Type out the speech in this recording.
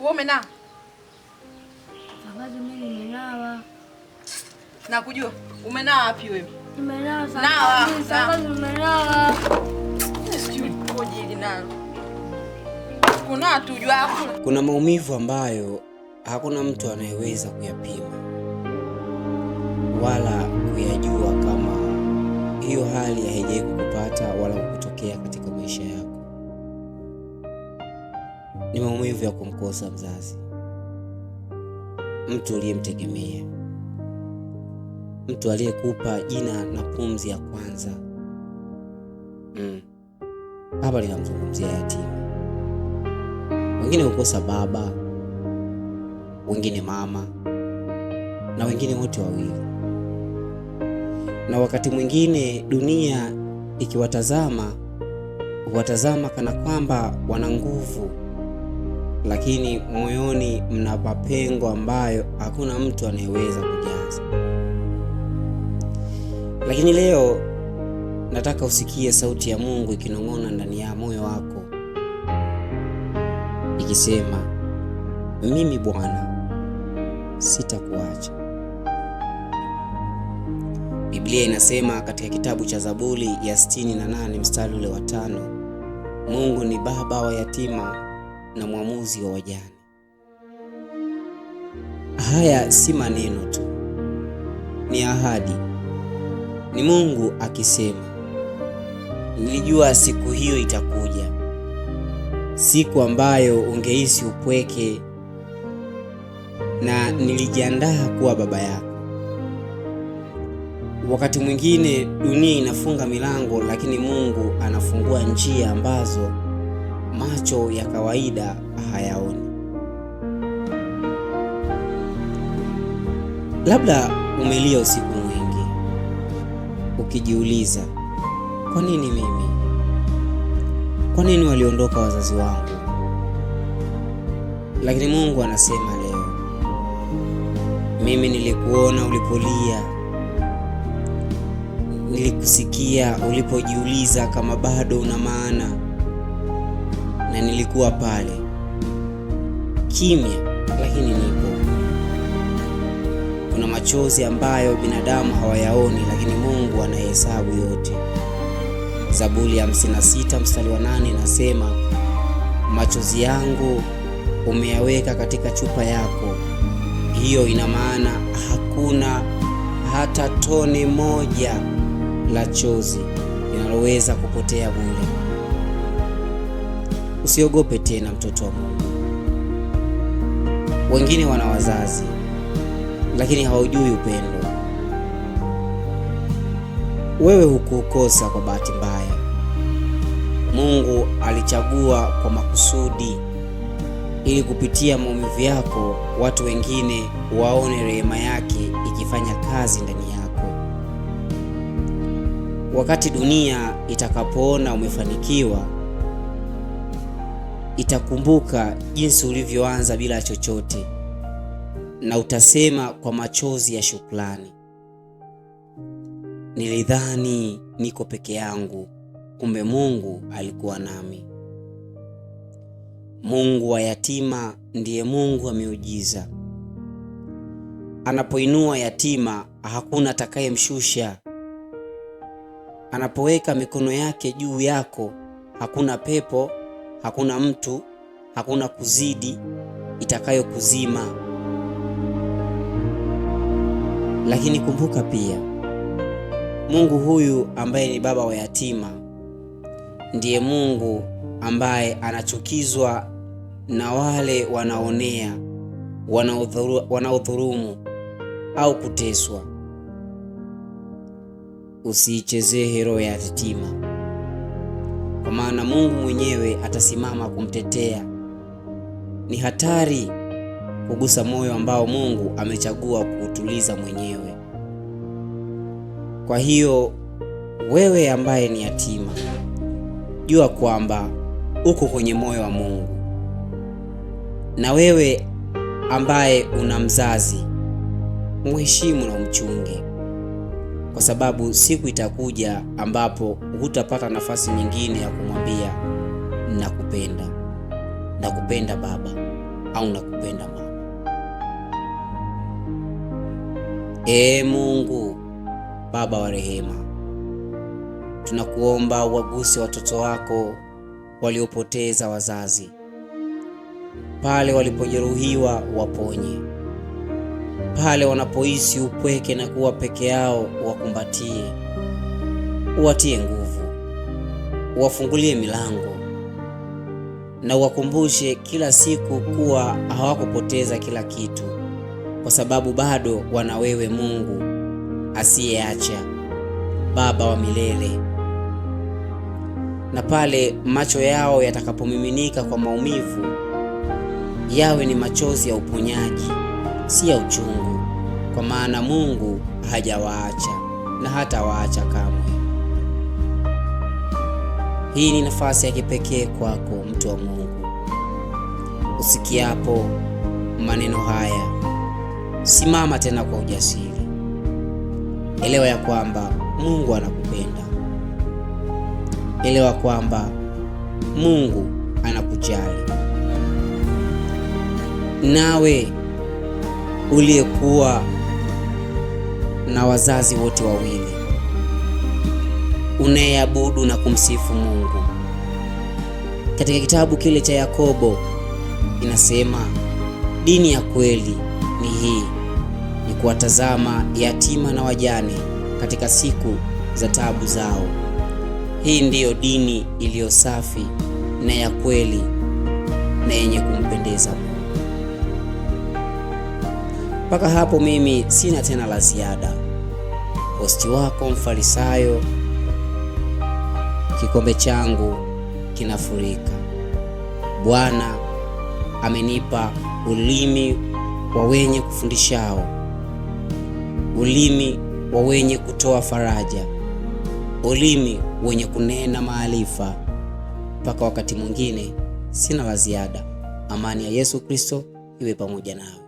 Wewe umenaa? Shangazi, mimi nimenawa. Nakujua. Umenawa wapi wewe? Nimenawa shangazi. Shangazi, nimenawa. Kuna tujua Kuna maumivu ambayo hakuna mtu anayeweza kuyapima wala kuyajua kama hiyo hali haijawahi kukupata wala kukutana kutokea katika maisha yako. Ni maumivu ya kumkosa mzazi, mtu uliyemtegemea, mtu aliyekupa jina na pumzi ya kwanza. Hapa mm, linamzungumzia yatima. Wengine hukosa baba, wengine mama, na wengine wote wawili na wakati mwingine dunia ikiwatazama huwatazama kana kwamba wana nguvu, lakini moyoni mna mapengo ambayo hakuna mtu anayeweza kujaza. Lakini leo nataka usikie sauti ya Mungu ikinong'ona ndani ya moyo wako ikisema, mimi Bwana sitakuacha. Biblia inasema katika kitabu cha Zaburi ya 68 mstari ule wa tano, Mungu ni baba wa yatima na mwamuzi wa wajane. Haya si maneno tu, ni ahadi, ni Mungu akisema. Nilijua siku hiyo itakuja, siku ambayo ungehisi upweke, na nilijiandaa kuwa baba yako Wakati mwingine dunia inafunga milango, lakini Mungu anafungua njia ambazo macho ya kawaida hayaoni. Labda umelia usiku mwingi ukijiuliza, kwa nini mimi? Kwa nini waliondoka wazazi wangu? Lakini Mungu anasema leo, mimi nilikuona ulipolia nilikusikia ulipojiuliza kama bado una maana, na nilikuwa pale kimya, lakini nipo. Kuna machozi ambayo binadamu hawayaoni, lakini Mungu anahesabu yote. Zaburi ya 56 mstari wa 8 inasema, machozi yangu umeyaweka katika chupa yako. Hiyo ina maana hakuna hata tone moja la chozi linaloweza kupotea bure. Usiogope tena, mtoto wa Mungu. Wengine wana wazazi lakini haujui upendo. Wewe hukukosa kwa bahati mbaya. Mungu alichagua kwa makusudi, ili kupitia maumivu yako watu wengine waone rehema yake ikifanya kazi ndani yako. Wakati dunia itakapoona umefanikiwa, itakumbuka jinsi ulivyoanza bila chochote, na utasema kwa machozi ya shukrani, nilidhani niko peke yangu, kumbe Mungu alikuwa nami. Mungu wa yatima ndiye Mungu wa miujiza. Anapoinua yatima hakuna atakayemshusha. Anapoweka mikono yake juu yako, hakuna pepo, hakuna mtu, hakuna kuzidi itakayokuzima. Lakini kumbuka pia, Mungu huyu ambaye ni baba wa yatima ndiye Mungu ambaye anachukizwa na wale wanaonea, wanaodhulumu au kuteswa usiichezee hero ya yatima, kwa maana Mungu mwenyewe atasimama kumtetea. Ni hatari kugusa moyo ambao Mungu amechagua kuutuliza mwenyewe. Kwa hiyo wewe ambaye ni yatima, jua kwamba uko kwenye moyo wa Mungu, na wewe ambaye una mzazi, muheshimu na umchunge kwa sababu siku itakuja ambapo hutapata nafasi nyingine ya kumwambia nakupenda, nakupenda baba au nakupenda mama. Ee Mungu Baba wa rehema, tunakuomba uwaguse watoto wako waliopoteza wazazi, pale walipojeruhiwa waponye pale wanapohisi upweke na kuwa peke yao, wakumbatie, uwatie nguvu, uwafungulie milango na uwakumbushe kila siku kuwa hawakupoteza kila kitu, kwa sababu bado wana wewe, Mungu asiyeacha, Baba wa milele. Na pale macho yao yatakapomiminika kwa maumivu, yawe ni machozi ya uponyaji si ya uchungu, kwa maana Mungu hajawaacha na hatawaacha kamwe. Hii ni nafasi ya kipekee kwako, mtu wa Mungu. Usikiapo maneno haya, simama tena kwa ujasiri. Elewa ya kwamba Mungu anakupenda. Elewa kwamba Mungu anakujali nawe uliyekuwa na wazazi wote wawili, unayeabudu na kumsifu Mungu. Katika kitabu kile cha Yakobo inasema dini ya kweli ni hii, ni kuwatazama yatima na wajane katika siku za taabu zao. Hii ndiyo dini iliyo safi na ya kweli na yenye kumpendeza mpaka hapo mimi sina tena la ziada. Hosti wako Mfarisayo, kikombe changu kinafurika. Bwana amenipa ulimi wa wenye kufundishao, ulimi wa wenye kutoa faraja, ulimi wenye kunena maarifa. Mpaka wakati mwingine, sina la ziada. Amani ya Yesu Kristo iwe pamoja nawe.